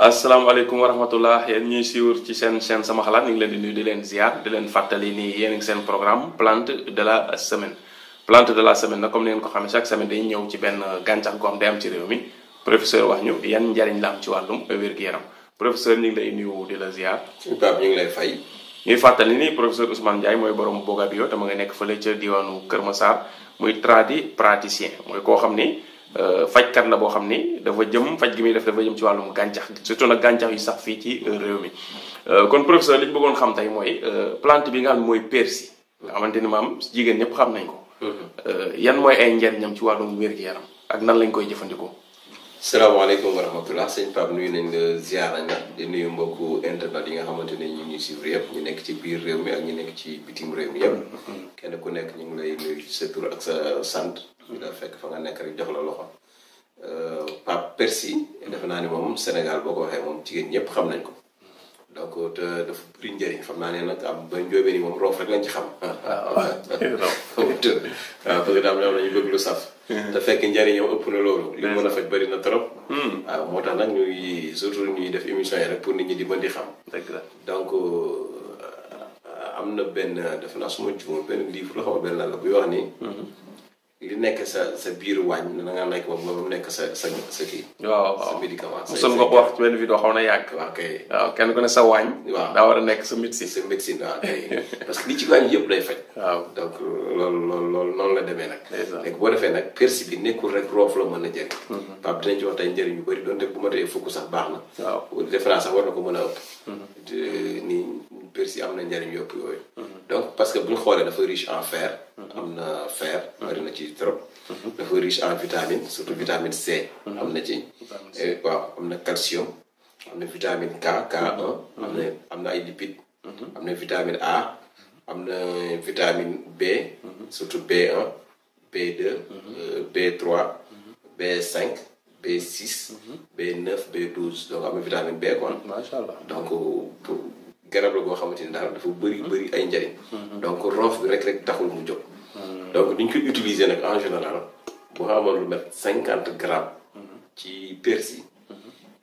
Assalamualaikum warahmatullahi wabarakatuh. yéen ñuy suivre ci sen sen sama xalaat ñu leen di nuyu di leen ziar di leen fatali ni yen ngi sen programme plante de la semaine plante de la semaine semen comme ni ngeen ko xamé chaque semaine dañ ñew ci ben eh, gantax goo xam day am ci rew mi professeur wax ñu yan jariñ la am ci walum gi yaram professeur lay nuyu di la ziar. suñu ñu ngi lay fay. ñuy fatali ni professeur Ousmane Ndiaye moy borom Boga Bio te ma nga nek fele ci diwanu Kër Massar tradi praticien moy ko xamni Euh, fajkat na boo xam ni dafa jëm faj gi muy def dafa jëm ci wàllum gàncax surtout nag gàncax yu sax fii ci euh, réew mi euh, kon professeur li bëggoon xam tey mooy plant bi nga xam mooy persil nga xamante ni maam jigéen ñëpp xam nañ ko mm-hmm. yan mooy ay njariñam ci wàllum wér yaram ak nan lañ koy jëfandikoo salaamaaleykum wa rahmatullah sëñ Pape nuyu nañ la ziar nañ nuyu mbokku internet yi nga xamante ne ñu ngi ñu nekk ci biir réew mi ak ñu nekk ci bitim réew mi yëpp mm-hmm. kenn ku nekk ñu ngi lay nuyu sa ak sa sant da fekk fa nga nekk rek jox la loxo euh, pap persi def naa ni moom Sénégal boo ko waxee moom jigéen ñëpp xam nañ ko donc te dafa bëri njëriñ xam naa ne nag am ba njóobeen ni moom roof rek lañ ci xam. Ah, waaw waaw ah, parce que daam am nañu bëgg lu saf. Hmm. te fekk njëriñ yow ëpp na loolu. li mën a hmm. faj bëri na trop. waaw hmm. ah, moo tax nag ñuy surtout ñuy def émission yi rek pour nit ñi di mën di xam. dëgg la donc euh, am na benn defe naa su ma juumul benn livre la xaw ma benn la bu wax ni. li nekk sa sa biir wàññ na nga nekk moom moom nekk sa sa sa kii. waaw waaw sa médicament. mosoon nga ko wax ci benn vidéo xaw na yàgg. waaw waaw kenn ku ne sa waañ. waaw daa war a nekk sa médecine. sa médecine waaw kay parce que li ci waañ yëpp lay faj. waaw donc loolu loolu loolu noonu la demee nag. léegi boo defee nag persil bi nekkul rek roof la mën a jëriñ. Mm-hmm. Pape dinañ ci wax tey njëriñ yu bëri donte bu ma tee fukk sax baax na. waaw defe sax war na ko mën a ëpp. Mm-hmm. ni Bercy am na njariñ yëpp yooyu. donc parce que bu ñu xoolee dafa riche en fer. am na fer. bari na ci trop. dafa riche en vitamine surtout vitamine C. am na ci. Eh, calcium. am na vitamine K K1. am na ay lipide. am na vitamine A. am na vitamine B. surtout B1. B2. B3. B5. B6. B9 B12 donc am na vitamine B quoi. macha allah donc euh, garab la goo xamante ni daal dafa bëri hmm. bëri ay njariñ hmm. donc roof bi rek rek taxul mu jóg hmm. donc duñ koy utiliser nag en général bu amoon lu mel 50 grammes ci persil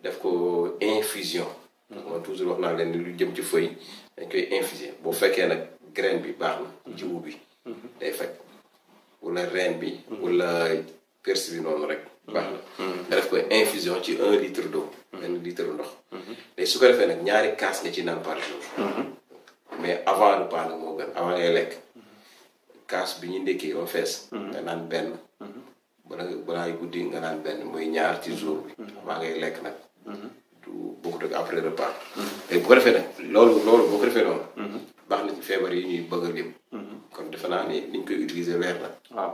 def ko infusion man toujours wax naa leen ni lu jëm ci feuille dañ koy infuser boo fekkee nag graine bi baax na jiwu bi day faj wala reen bi wala persil bi noonu rek baax na nga def ko infusion ci 1 litre d'eau benn litre ndox. Mhm. léegi su ko defee nag ñaari kaas nga ci naan par jour. Mhm. mais avant repas nag moo gën avant ngay lekk. kaas bi ñu ndekkee ba fees. Mhm. nga naan benn. bala balaa guddi nga naan benn muy ñaar ci jour bi. avant ngay lekk nag. du bokkut ak après repas. léegi bu ko defee nag baax na feebar yi ñuy bëgg a kon defe naa ni niñ koy utiliser leer na. waaw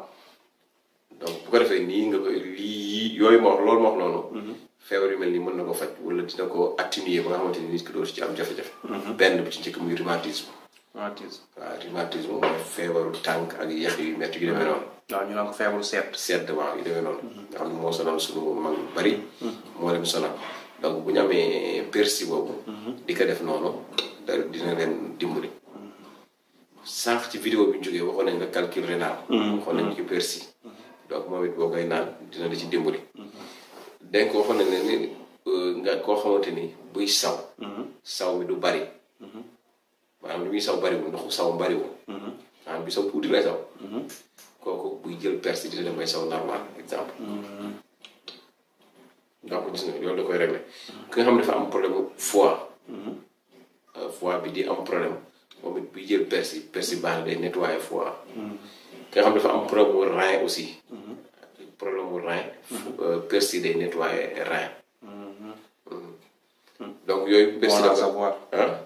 donc bu ko defee nii nga koy lii yooyu ma loolu ma wax feebar yu mel ni mën na ko faj wala dina ko atténuer ba nga xamante ni nit ki dootu ci am jafe-jafe. Mhm. benn bi ci njëkk muy rhumatisme. rhumatisme waaw rhumatisme feebaru tànk ak yax yu métti yu demee noonu. waaw ñu naan mhm. xam ne moo sonal suñu mag yu bari. Mhm. moo leen sonal bu ñu amee boobu. di ko def noonu dina leen dimbali. sànq ci vidéo bi ñu jógee waxoon nañ la calcul rénal. waxoon nañ ci persi. donc moom it boo koy naan dina la ci dimbali. dañ ko waxoon ne ni euh, nga koo xamante ni buy saw. Mhm. saw mi du bari. Mhm. maanaam li muy saw bariwul ndoxu saw bariwul. Mhm. maanaam bi saw tuuti lay saw. kooku buy jël perse dina dem bay saw normal exemple. donc gis nga loolu da koy réglé. ki xam ne dafa am problème mu euh, foie. bi di am problème moom it buy jël perse perse baax na day nettoyé foie. ki xam ne dafa am problème mu rein aussi. problème mu rein. persil day nettoyer rein. donc yooyu. persil la savoir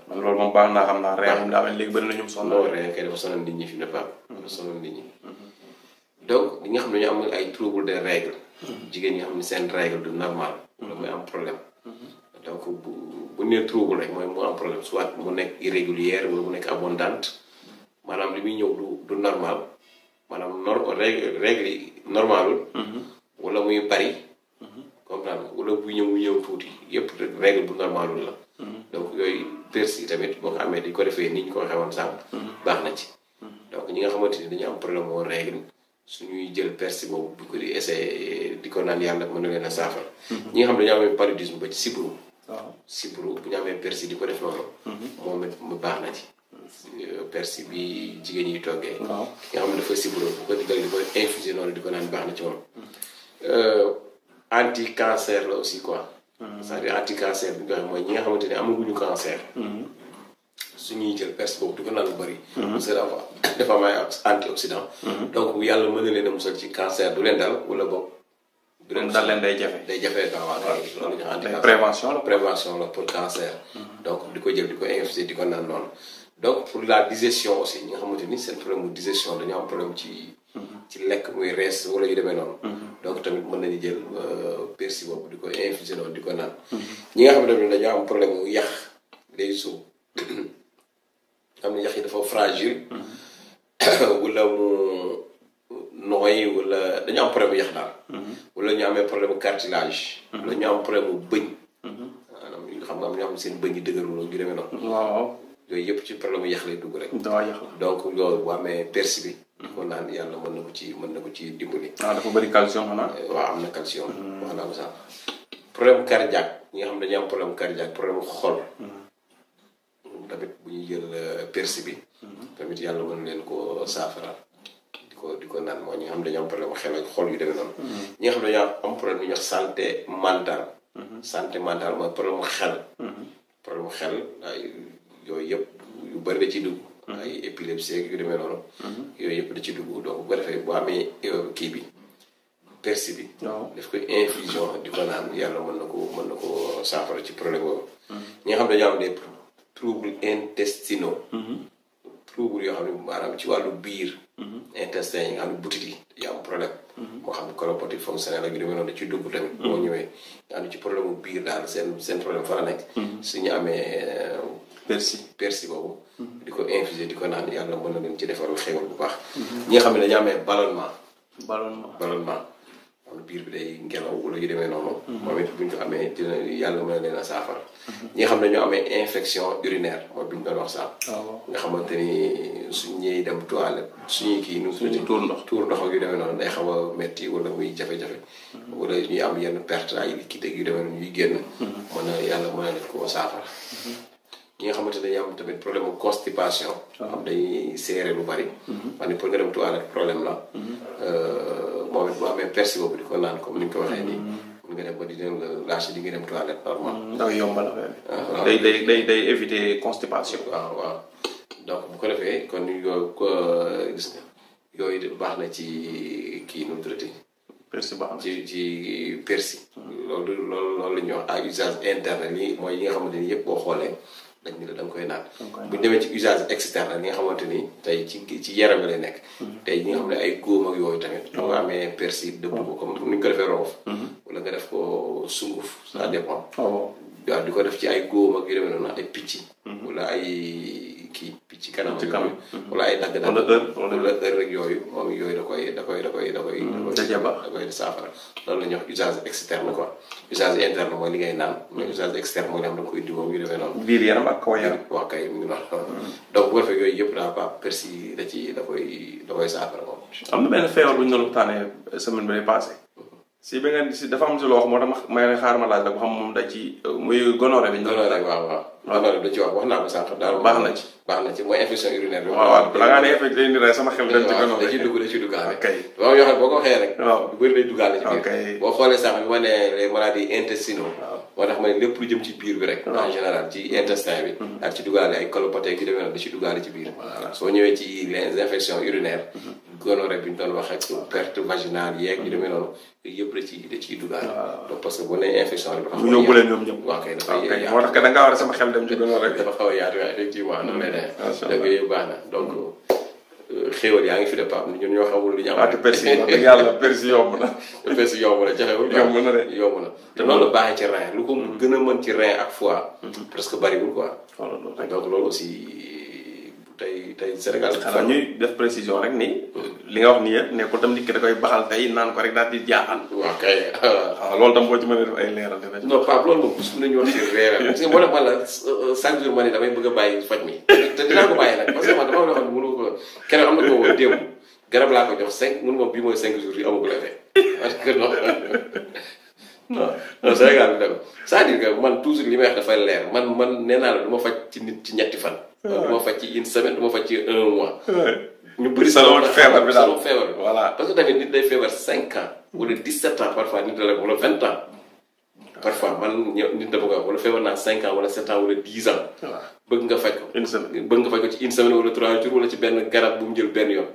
man loolu moom baax naa xam naa rein moom daa mel léegi bëri na ñum sonal. loolu rein kay dafa sonal nit ñi fi ne Pape. dafa sonal nit ñi. donc ñi nga xam ne am ay trouble des règles. jigéen ñi xam ne seen règle du normal. damay am problème. donc bu bu nee trouble rek mooy mu am problème soit mu nek irrégulière wala mu nekk abondante maanaam li muy du du normal. maanaam nor règle normalul mhm. wala muy bari mhm. comprendre wala bu ñëw mu ñëw tuuti yëpp règle bu normalul la mhm. donc yooyu persi tamit boo ko amee di ko defee ni ñu ko waxee woon sànq baax na ci donc ñi nga xamante ni dañu am problème woo règle suñuy jël persi boobu bu ko di ko naan yàlla mën na leen a saafara ñi nga xam dañu amee paludisme ba ci sibru sibru bu ñu amee persi di ko def loolu moom it baax na ci Euh, persil bi jigéen ñi toggee. waaw ki nga xam ne dafa sibiru bu ko digal di ko infusé noonu di ko naan baax na ci moom. Euh, anti cancer la aussi quoi. Hmm. c'est-à-dire anti cancer bi nga xam mooy ñi nga xamante ne amaguñu cancer. Hmm. su ñuy jël persil boobu du ko naan lu bëri. Hmm. parce que dafa dafa am ay antioxydant. donc yàlla mën na leen a musal ci cancer du leen dal wala boog. du leen dal leen day jafe. day jafe waaw waaw loolu prévention la prévention la pour cancer. donc di ko jël di ko infusé di ko naan noonu. donc pour la digestion aussi ñi nga xamante ni seen problème mu digestion dañu am problème ci. Mhm. ci lek muy rees wala yu démé non mhm. donc tamit mën nañu jël euh persi di diko infuser noonu di ko mhm. ñi nga xamante dañu dañoo am problème yu yax day suuf xam ne yax yi dafa fragile. wala mu nooy wala dañu am problème mu yax daal. wala ñu amé problème cartilage. wala ñu am problème mu bëñ. maanaam xam nga am na ñoo seen bëñ yi dëgër lu yu démé non waaw. yooyu yëpp ci problème mu yàq lay dugg rek. donc loolu bu amee persi bi. kon naan yàlla mën na ko ci mën na ko ci dimbali. ah dafa bëri calcium xanaa. Euh, waaw am na calcium. Hmm. wax naa ko sax problème cardiaque nga xam dañuy am problème cardiaque problème xol. Hmm. tamit bu ñu jël euh, persi bi. Hmm. tamit yàlla mën leen ko saafara di ko di ko naan mooy ñi xam dañoo am problème xel ak xol yu demee noonu. ñi nga xam dañoo am problème yu ñuy wax santé mentale. santé xel. yooyu yëpp yu bëri da ciy dugg. ay épilepsie ak yu demee noonu. yooyu yëpp da ciy dugg donc bu defee bu amee kii bi persi bi. daf koy infusion di ko naan yàlla mën na ko mën na ko saafara ci problème boobu. ñi nga xam dañoo am des troubles intestinaux. troubles yoo xam ne maanaam ci wàllu biir. intestin yi nga xam ne butit yi dañuy am problème. moo xam colopathie fonctionnelle ak yu demee noonu da dugg tamit. boo ñëwee nga xam ne ci problème biir daal seen seen problème fa la nekk. amee. persil persil boobu. Mhm. di ko infusé di ko naan yàlla mën a leen ci defaral xéwal bu baax. Mhm. ñi xam ne dañoo amee ballonnement. ballonnement ballonnement. wala biir bi day ngelaw wala yu demee noonu. Mhm. moom it bu ñu ko amee dina yàlla mën na leen a saafara. ñi nga xam ne ñoo amee infection urinaire mooy bi ñu doon wax sax. Ah, nga xamante ni suñ ñuy dem toilette suñuy kii nu suñu tuur ndox tuur ndox ak demee noonu day xaw a métti wala muy jafe-jafe. wala ñuy am yenn perte ay liquide yu demee noonu ñuy génn. mën na yàlla mën na leen saafara. ñi nga xamante ne dañuy am tamit problème mu constipation. Ah. am dañuy seere lu bari. Mhm. problème la. Mhm. Euh, moom it bu amee persil boobu comme ni nga ko waxee nii. Mhm. mun nga dem ba di dem lâché di da la waaw day day day day éviter constipation. Ah, waaw donc bu ko defee kon yooyu gis nga baax na ci kii nu mu tuddati. persi baax ci ci persi. loolu loolu loolu la ñuy wax à usage interne yi mooy yi nga xamante ni yëpp boo xoolee. dañ ne la da nga koy naan bu ñu demee ci usage externe li nga xamante ni tey ci ci yaram lay nekk mhm. tey ñi xam ne ay góom ak yooyu tamit mhm. da nga amee persil dëbb ko comme ni ñu ko defee roof mhm. wala nga def ko sunguf ça dépend oh. waaw di ko def ci ay góom ak yu demee noonu ay picc wala ay ci kii ci kanam ci kanam mm-hmm. wala ay nag wala heure wala heure rek yooyu moom yooyu da koy da koy da koy da mm-hmm. da koy saafara loolu la ñuy wax usage externe quoi mooy li ngay naan mais mm-hmm. usage externe mooy li am da da koy saafara moom am na benn feebar bu ñu doon waxtaanee semaine bi passé si bi si dafa am si loo wax moo tax xaar ma laaj la ko xam moom da ci euh, muy gonorrhée bi ñu doon waaw non non du ci wax wax naa ko sànq daal baax na ci mooy infection urinaire bi waaw waaw balaa ngaa boo ko waxee rek waaw boo xoolee sànq bi ma ne les maladies moo tax ma ne lépp lu jëm ci biir bi rek en général ci mm-hmm. intestin bi daal mm-hmm. ci duggaale ay colopathie ci demee noonu da ci ci biir soo ñëwee ci les infections urinaires mm-hmm. bi ñu doon wax ak perte vaginale yeeg yu demee noonu yëpp da ciy da ciy duggaale donc parce que bu ne infection rek sama xel dem a yaatu effectivement noonu lay demee. yooyu baax na donc euh, xéwal yaa ngi fi de Pape ñun lu ñu am. ak persi wax dëgg yàlla persi yomb na. persi yomb na joxewul loolu la baaxee ci rein lu ko mm-hmm. gën a mën ci rein ak fois mm-hmm. presque bariwul quoi. Oh, donc loolu aussi. tey tey Sénégal. xanaa ñuy def précision rek nii li nga wax nii yëpp nekkul tam nit ki da koy baxal tey naan ko rek daal di jaaxal. waaw kay waaw loolu tam boo ci mën a def ay leeral dina ci. non Pape loolu moom su ne euh, damay bëgg a bàyyi faj mi. te dinaa ko bàyyi nag parce que man ne mënu ko am na ko démb garab laa ko jox cinq mënu ma bii mooy cinq jours yi amagul effet parce non non Sénégal bi man toujours li may wax dafay leer man man nee naa la du faj ci nit ci ñetti fan. waaw du faj ci une semaine du faj ci un mois. ñu bëri salon feebar bi daal que tamit nit day feebar cinq ans wala dix-sept ans parfois nit wala vingt ans. parfois man bëgg nga une semaine bëgg ci une semaine wala trois jours wala ci benn garab bu mu jël benn yoon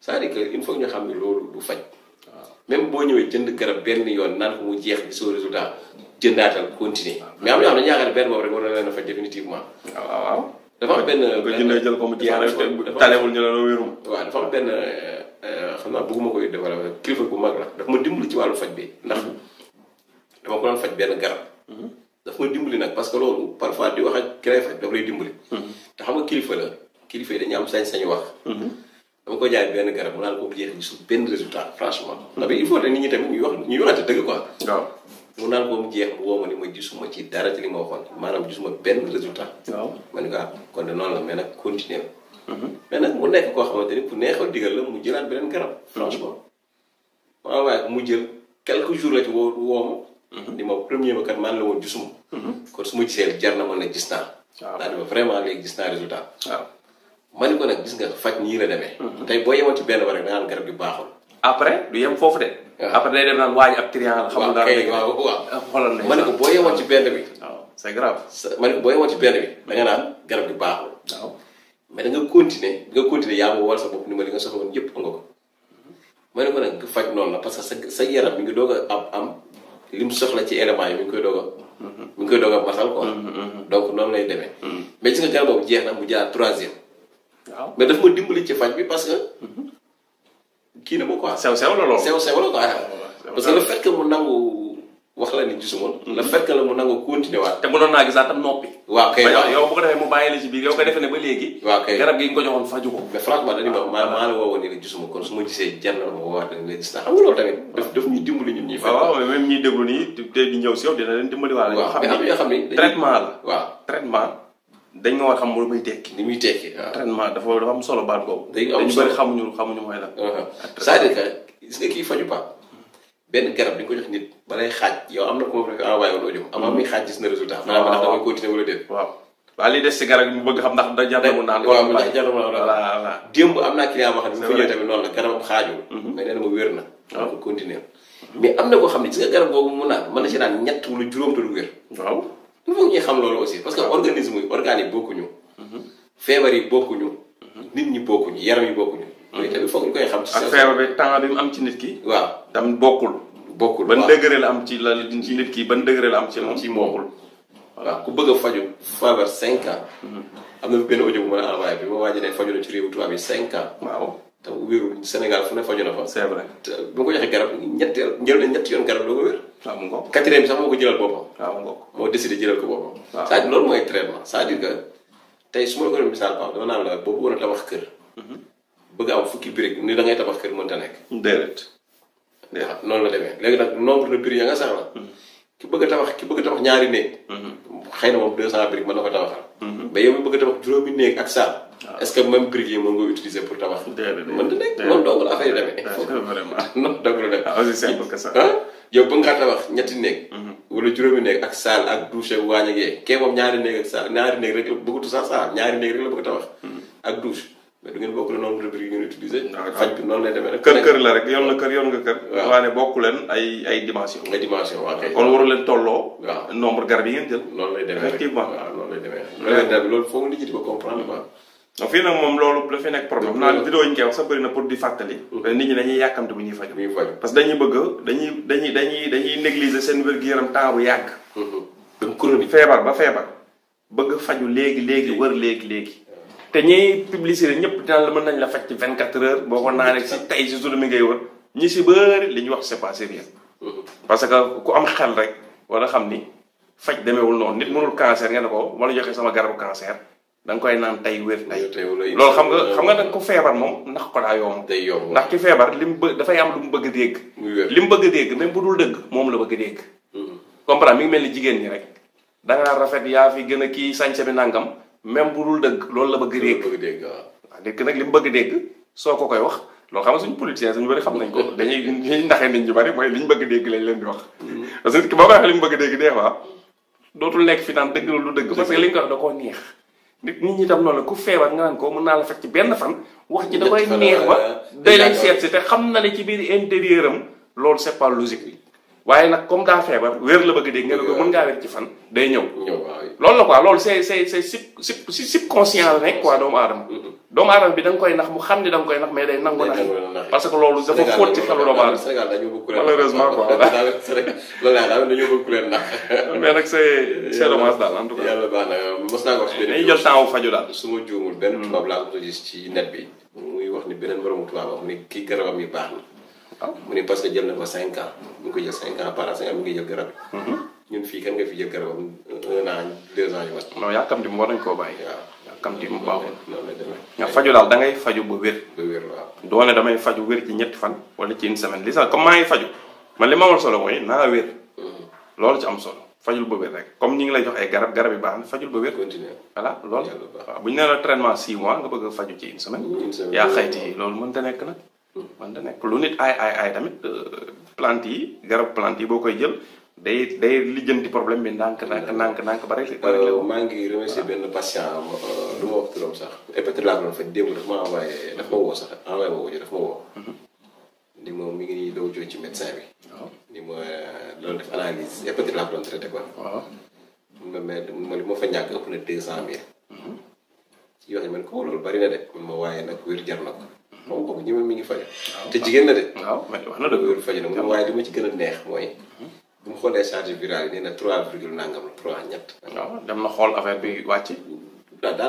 c'est-à-dire que il faut ñu xam ne loolu du faj. même boo ñëwee jënd garab benn yoon naan ko mu jeex bi soo résultat jëndaatal continuer mais am na yoo xam ne yaakaar benn boobu rek war na leen a faj définitivement. waaw waaw dafa jël ko mu jeex rek talewul ñu la loo wérum. waaw dafa benn euh, xam naa bëgguma koy développé kilifa bu mag la ma dimbali ci wàllu faj bi ndax dama ko doon faj benn garab. dafa ma dimbali nag parce que loolu parfois di wax ak ki lay faj dafa lay dimbali. Mhm. te xam nga kilifa la kilifa yi dañu am sañ-sañu wax. Mhm. dama ko jaay benn garab mu naan ko jeex gisul benn résultat franchement. ndax il faut que nit ñi tamit ñuy wax ñuy waxante dëgg quoi. waaw mu ko mu woo ma ni ma gisuma ci dara li ma waxoon maanaam gisuma benn résultat. ma ni ko ah kon de noonu nag continuer mhm. mais nag mu nekk koo xamante ni ku neexal digal la mu jëlaat beneen garab. Mhm. franchement waaw waaye mu jël quelques jours la ci woo woo ma. Mhm. ni ma premier ba kat man la woon gisuma. kon su ma gisee jar na ma ne gis naa. waaw daal ma vraiment léegi gis naa résultat waaw. man ko nak gis nga fajj ni la demé mhm. tay bo yemoon ci benn ba rek da garab gi baaxul après du yem fofu de après day dem nan waji ab triangle xamul dara kay waaw waaw ah, xolal na man ko bo yemoon ci benn bi waaw c'est grave man ko boo yemoon ci benn bi da nga nan garab gi baaxul waaw mais da nga continuer nga continuer ya mo wal sa bop ni ma li nga soxla woon nga ko man mhm. ko nak fajj non la parce que sa yaram mi ngi doga am am lim soxla ci élément yi mi ngi koy doga mhm. mi ngi koy doga a matal quoi donc non lay demee mais ci nga garab boobu jeex na mu jaar troisième mais daf ma dimbali ci faj bi parce que. kii na ma quoi. sew sew la lool sew sew la quoi. parce que le fait que mu nangu wax la ni gisuma. Hmm. le fait que la te mënoon naa gisaat tam noppi. waaw kay waaw yow bu ko defee mu bàyyi la ci defee ne ba léegi. waaw kay garab gi nga ko joxoon faju ko. mais franchement kon ah, ah. su ma gisee jar na ma woowaat dañu la gis ndax xam nga loolu ñuy dimbali ñun ñuy. fekk waaw waaw même ñuy ñëw si yow dina leen dimbali. waaw mais am na yoo xam ne traitement la waa traitement dañ ma war xam mu may tekki. ni muy tekki waaw ah. traitement dafa dafa am solo baat boobu. dañu am solo dañu bëri xamuñu xamuñu mooy lan. Ah. c'est-à-dire que gis kii faju pa benn garab di nga ko jox nit balay xaaj yow am na ko ma ko envoyé wala audio. am na muy mm-hmm. xaaj na résultat. Ah, waaw waaw ndax damay continuer wala déet. waaw li des si garab yi mu bëgg xam ndax da jar na mu naan. waaw ndax jar naa client boo xam ne bu ñu tamit noonu la garabam xaajul. Mm-hmm. mais na ma wér na. waaw am na koo xam ne gis nga garab boobu mu naan mën na si naan ñett wala juróom te wér waaw il faut ñuy xam loolu aussi parce que organisme yi organes yi bokkuñu. Mhm. feebar yi bokkuñu. Mhm. nit ñi bokkuñu yaram yi bokkuñu. loolu mhm. tamit foog ñu koy xam ci ak feebar bi temps bi mu am ci nit ki. waaw tam bokkul. bokkul ban degré la am ci la ci nit ki ban degré la am ci moom ci waaw ku bëgg a faju feebar 5 ans. am na benn audio bu ma la bi ma waaj a ne faju na ci réewu tubaab yi 5 ans. te senegal Sénégal fu ne faju na fa. c'est vrai te bu ko joxee garab ñetti jël na ñetti yoon garab doo ko wér. waaw mu ngoog quatrième sax moo ko jëlal boppam. waaw mu ngoog moo décidé jëlal ko boppam. waaw c'est-à-dire loolu mooy traitement c'est-à-dire que tey su ma la ko doon misaal Pape dama naan la boo bëggoon a tabax kër. bëgg am fukki birig ni da ngay tabax kër mënta nekk. déedéet. la nombre de ya nga sax la. ki bëgg tabax ki bëgg tabax ñaari 200 ko tabaxal. yow mi bëgg tabax ak sa est ce que même brique yi mën nga utiliser pour tabax. déedéet mën na nekk noonu dong la affaire yi demee. vraiment noonu dong la demee. ah aussi simple que ça. yow bëgg ngaa tabax ñetti néeg. Mhm. wala juróomi néeg ak saal ak douche ak waañ ak yee kee moom ñaari néeg ak saal ñaari néeg rek la bëggatu sax saal ñaari néeg rek la bëgg tabax. Mhm. ak douche. mais du ngeen bokk le nombre de briques yu ngeen utiliser. Ah, ah. faj bi noonu lay demee rek. kër kër la rek yoon na kër yoon nga kër. waaw waaye bokku leen ay ay dimension. ay dimension waaw kay kon waru leen tolloo. waaw nombre garab yi ngeen jël. noonu lay demee effectivement waaw noonu lay demee. loolu foog nit ñi di ko comprendre quoi. fi nak mom lolu la fi nek problème nan vidéo ñu wax sa bari na pour di fatali mm-hmm. nit ñi dañuy yakam du ñuy faju ñuy faju parce dañuy bëgg dañuy dañuy dañuy dañuy négliger sen wër gi yaram temps bu yag ko ni fébar ba fébar bëgg faju légui légui wër légui légui té ñi publicité ñëpp dal la mën nañ la fajj ci 24 heures boko naané ci tay ci jour mi ngay wër ñi ci bëri li ñu wax c'est pas sérieux mm-hmm. parce que ku am xel rek wala xam ni démé wul non nit mënul cancer nga nako wala joxe sama garbu cancer danga koy naan tey wér tey loolu xam nga xam nga nag ko feebar moom ndax ko daa yomb day yomb ndax ki feebar li mu bë dafay am lu mu bëgg dégg li mu bëgg dégg même bu dul dëgg moom la bëgg dégg mm-hmm. comprendre mi ngi mel ni jigéen ñi rek dangaa rafet yaa fi gën kii sañse bi nangam même bu dul loolu la bëgg a dégg waaw dégg nag li bëgg dégg soo ko koy wax loolu xam nga suñu politiciens xam nañ ko dañuy ñuy naxee nit ñu bëri mooy li ñu bëgg a lañ leen di wax mm-hmm. bëgg a dégg des fois dootul nekk fi naan dëgg la lu dëgg parce que li ñu ko wax neex nit ñi tam loolu ku feebar nga naan ko mën naa la faj ci benn fan. wax ji da koy neex ba day lay si te xam na ne ci biir intérieur am loolu c'est pas logique. waaye nag comme daa feebar wér la bëgg a nga ne ko ngaa wér ci fan day ñëw lool la quoi loolu c'est c'est c'est sub sub subconscient la nekk quoi doomu aadama mm-hmm. doomu aadama bi da koy nax bu xam ni da koy nax mais day nangu nax que loolu dafa fóot ci xelu doomu aadama malheureusement quoi dañoo bëgg ku leen nax mais nag c'est c'est dommage daal en mos naa ko wax dañuy jël su ma juumul benn mm. tubaab laa ko gis ci net bi muy wax ni beneen moromu tubaab wax ni kii garabam yi baax na waaw mu ne parce que jël na ko cinq ans mu ngi ko jël cinq ans par an cinq ans mu ngi jël garab yi mhm. ñun fii kan nga fi jël garabam un an deux ans yu mat non yàkkamti mu war nañ koo bàyyi waaw yàkkamti mu nga faju daal da ngay faju ba wér ba wér waaw damay faju wér ci ñett fan wala ci une semaine li sax comme maa ngi faju ma li ma amal solo mooy naa wér mhm. loolu ci am solo fajul ba wér rek comme ñi ngi lay jox ay garab garab yi baax fajul ba wér. continué voilà loolu. waaw bu ñu mois nga bëgg a faju ci une semaine. yaa xayti loolu mënta nekk na man da nekk lu nit aay aay aay tamit euh, plante yi garab plante yi boo koy jël day day lijjanti problème bi ndànk ndànk ndànk ndànk ba euh, maa ngi remercier benn patient euh, du ma wax turam mi ngi ci médecin bi. ni ma doon def analyse hépatite laa ko doon traité quoi. mun mhm. yoo xam ne bari na de man ma waaye nag wér jar na moom kooku ñeme mi ngi faje te jigéen la de. waaw wax na dëgg faje na mhm. na trois na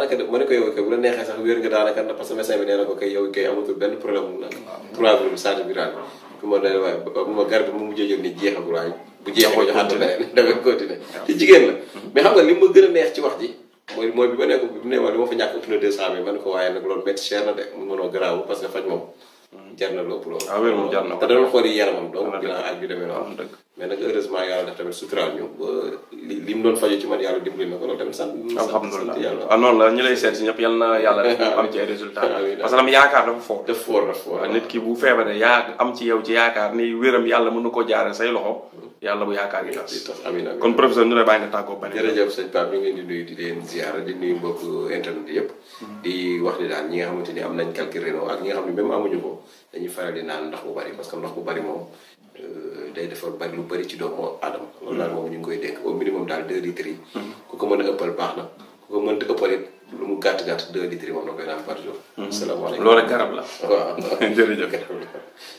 bi ma ne ko yow kay bu la neexee bi nee na ko kay yow kay amatul benn problème mu nag. trois virgule charge virale bi. bu ma nee waaye bu mhm. li ma gën a neex ci wax ji mooy mooy bi ma nekk bi mu ne ma li ma fa ñàkk ëpp na deux cent mille ma waaye nag loolu métti cher na de mu mënoo garaaw parce que faj moom mm-hmm. jar na loolu ah, yàlla def tamit man yàlla dimbali na ko loolu tamit sant ah, am ci yaakaar dafa wéram yàlla mën na ko jaare say loxo mm-hmm. yàlla bu yaakaar yi tax amiin kon professeur ñu lay bàyyi nga tàggoo bari jërëjëf mhm. wax ni ñi nga xamante ni am nañ calcul rénal ak ñi xam ne même amuñu ko dañuy faral di naan ndox bu bari parce que ndox bu bari moom euh, day defar bari lu bari ci doomu aadama mhm. loolu daal ñu ngi koy dénk au minimum daal deux litres yi mhm. ko mën a ëppal baax na ku ko mënta ëppal it lu mu gàtt gàtt deux litres moom la koy naan par jour asalaamaaleykum loolu garab la waaw